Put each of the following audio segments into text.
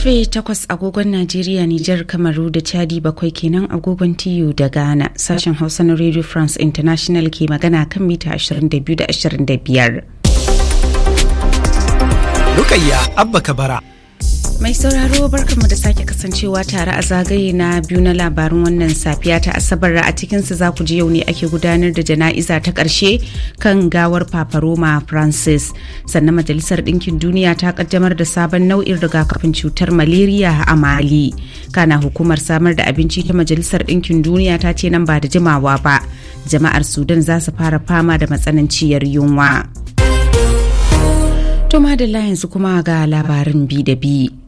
Karfe takwas agogon Najeriya, Nijar, Kamaru da Chadi bakwai kenan agogon TU da Ghana. Sashen Hausa na Radio France International ke magana kan mita 22 da 25. Rukayya Abba Kabara. Mai sauraro barkanmu da sake kasancewa tare a zagaye na biyu na labarin wannan safiya ta Asabar a cikinsu za ku ji yau ne ake gudanar da jana'iza ta ƙarshe kan gawar Papa Roma Francis. Sannan Majalisar Ɗinkin Duniya ta ƙaddamar da sabon nau'in rigakafin cutar maleriya a Mali. Kana hukumar samar da abinci ta Majalisar Ɗinkin Duniya ta ce nan ba da jimawa ba. Jama'ar Sudan za su fara fama da matsananciyar yunwa. Tuma da layinsu kuma ga labarin bi da bi.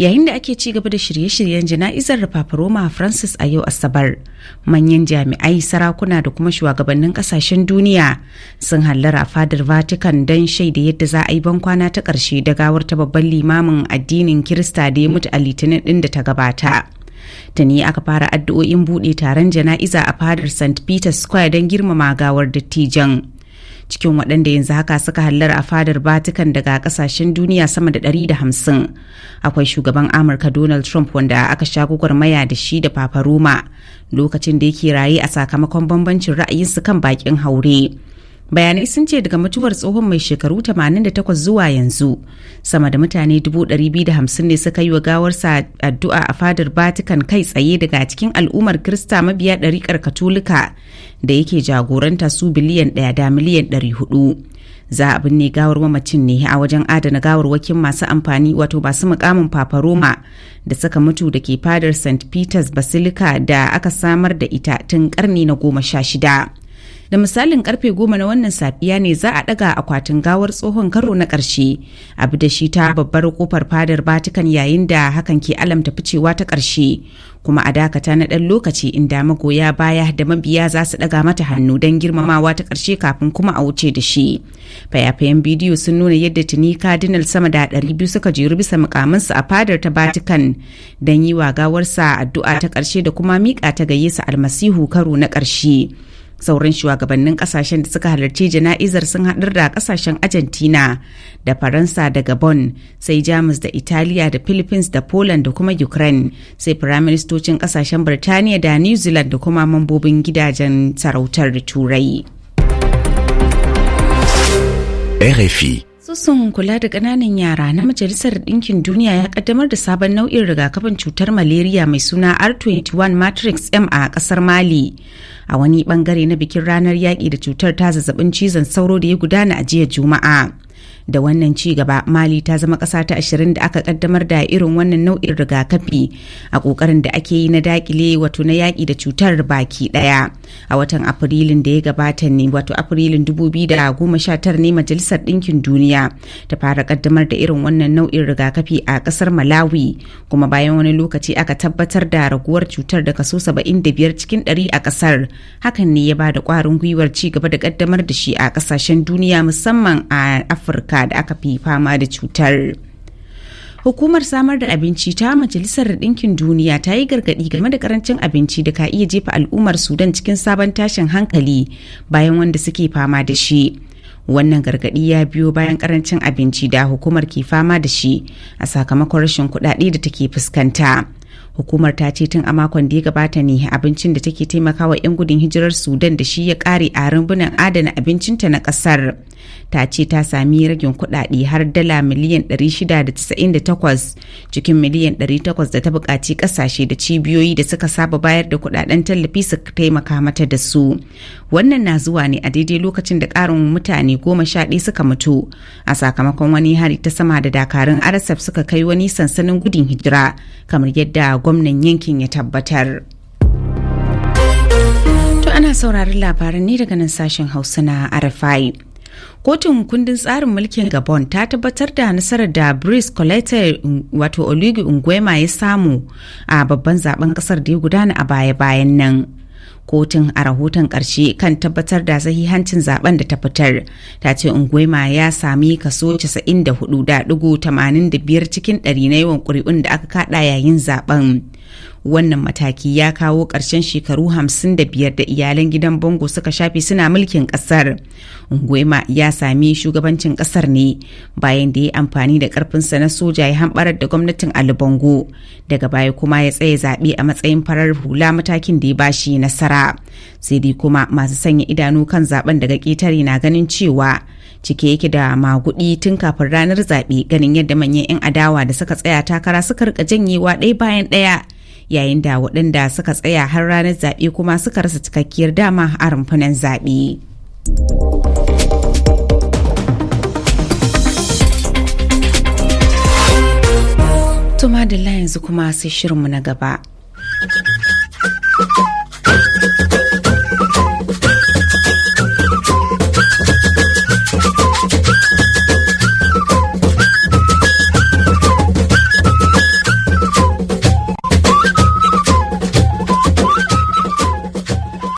yayin da ake ci gaba da shirye-shiryen jana'izar Roma Francis a yau Asabar. Manyan jami'ai, sarakuna da kuma shugabannin kasashen duniya sun hallara fadar Vatican don shaida yadda za a yi bankwana ta ƙarshe da gawar ta babban limamin addinin Kirista da ya mutu a Litinin ɗin da ta gabata. Tuni aka fara addu'o'in buɗe taron jana'iza a fadar St. peter Square don girmama gawar dattijan. cikin waɗanda yanzu haka suka hallar a fadar batikan daga kasashen duniya sama da 150 akwai shugaban amurka donald trump wanda aka sha gwagwarmaya da shi da papa lokacin da yake raye a sakamakon bambancin ra'ayinsu kan bakin haure bayanai sun ce daga mutuwar tsohon mai shekaru 88 zuwa yanzu sama da mutane 250 ne suka yi wa gawarsa addu'a a fadar batikan kai tsaye daga cikin al'ummar krista mabiya ɗariƙar katolika da yake jagoranta su biliyan ɗaya da miliyan 400 za a binne gawar mamacin ne a wajen adana gawar gawarwakin masu amfani wato masu mukamin papa roma da saka mutu da ke fadar st peters basilica da aka samar da ita tun karni na goma sha shida da misalin karfe goma na wannan safiya ne za a daga akwatin gawar tsohon karo na karshe abu da shi ta babbar kofar fadar batikan yayin da hakan ke alamta ficewa ta karshe kuma a dakata na dan lokaci inda magoya baya da mabiya za su daga mata hannu don girmamawa ta karshe kafin kuma a wuce da shi. Fayafayen bidiyo sun nuna yadda tuni kadinal sama da ɗari biyu suka jeru bisa mukamansu a fadar ta batikan don yi wa gawarsa addu'a ta karshe da kuma miƙa ta gaye almasihu karo na karshe. sauran shugabannin kasashen da suka halarci jana'izar sun haɗar da kasashen argentina da faransa da gabon sai jamus da italiya da philippines da poland da kuma ukraine sai firaministocin kasashen birtaniya da new zealand da kuma mambobin gidajen sarautar turai RFI kula da ƙananan yara na Majalisar Ɗinkin Duniya ya ƙaddamar da sabon nau'in rigakafin cutar malaria mai suna R21 Matrix M a ƙasar Mali. a wani bangare na bikin ranar yaƙi da cutar ta zazzabin cizon sauro da ya gudana a jiya Juma'a. da wannan ci gaba mali ta zama ƙasa ta ashirin da aka kaddamar da irin wannan nau'in rigakafi a ƙoƙarin da ake yi na dakile wato na yaƙi da cutar baki ɗaya a watan afrilun da ya gabata ne wato afrilun 2019 ne majalisar ɗinkin duniya ta fara kaddamar da irin wannan nau'in rigakafi a ƙasar malawi kuma bayan wani lokaci aka tabbatar da raguwar cutar da kaso 75 cikin 100 a ƙasar hakan ne ya ba da kwarin gwiwar ci gaba da kaddamar da shi a ƙasashen duniya musamman a afirka da aka fi fama da cutar. hukumar samar da abinci ta majalisar ɗinkin duniya ta yi gargaɗi game da karancin abinci da ka iya jefa al'ummar sudan cikin sabon tashin hankali bayan wanda suke fama da shi wannan gargaɗi ya biyo bayan karancin abinci da hukumar ke fama da shi a sakamakon rashin kuɗaɗe da take fuskanta hukumar ta ce tun a makon da ya gabata ne abincin da take taimakawa 'yan gudun hijirar sudan da shi ya kare a rumbunan adana abincinta na kasar ta ce ta sami ragin kudade har dala miliyan 698 cikin miliyan 800 da ta bukaci kasashe da cibiyoyi da suka saba bayar da kudaden tallafi su taimaka mata da su wannan na zuwa ne a daidai lokacin da karin mutane goma sha ɗaya suka mutu a sakamakon wani hari ta sama da dakarun rsf suka kai wani sansanin gudun hijira kamar yadda gwamnan yankin ya tabbatar. To ana sauraron labaran ne daga nan sashen Hausa na RFI. kotun kundin tsarin mulkin gabon ta tabbatar da nasarar da bris colette wato oligu ungwema ya samu a babban zaben kasar da ya gudana a baya-bayan nan kotun a rahoton ƙarshe kan tabbatar da sahihancin zaben da ta fitar ta ce unguema ya sami kaso 94.85 cikin ɗari na yawan ƙuri'un da aka kada yayin zaben wannan mataki ya kawo ƙarshen shekaru 55 da iyalan gidan bongo suka shafe suna mulkin ƙasar nguema ya sami shugabancin ƙasar ne bayan da ya amfani da ƙarfinsa na soja ya hamɓarar da gwamnatin ali bongo daga baya kuma ya tsaye zaɓe a matsayin farar hula matakin da ya bashi nasara sai dai kuma masu sanya idanu kan zaben daga ƙetare na ganin cewa cike yake da magudi tun kafin ranar zaɓe ganin yadda manyan 'yan adawa da suka tsaya takara suka rika janyewa ɗaya bayan ɗaya yayin da waɗanda suka tsaya har ranar zaɓe kuma suka rasa cikakkiyar dama a rumfunan zaɓe. Tuma da yanzu kuma sai shirinmu na gaba.